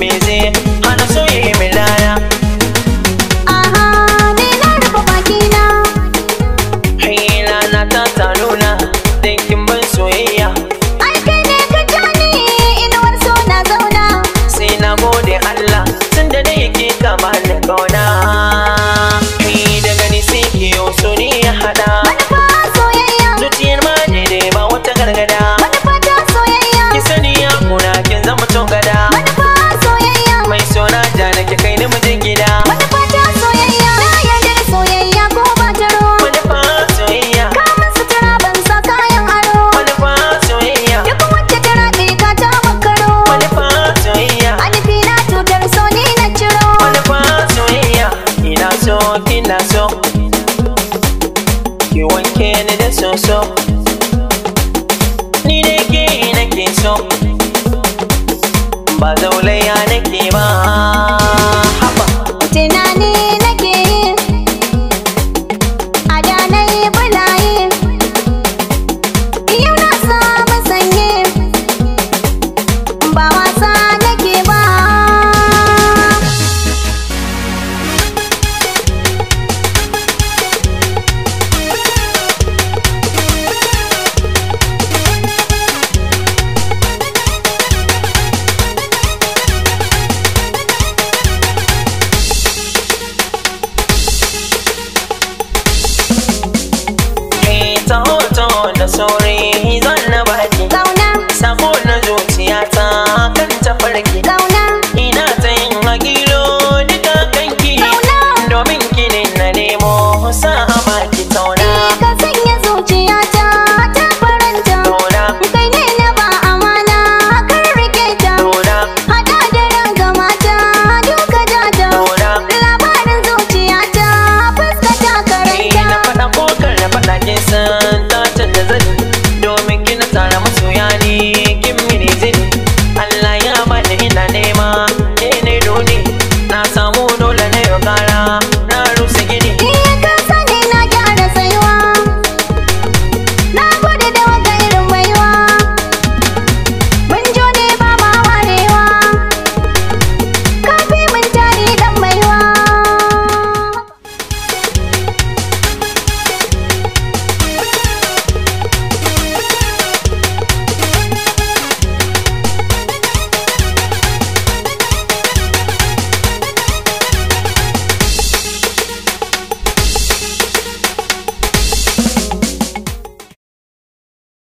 me zai hana soyayya mai so ni da ke nake so ba zaulaya nake ba da I'm not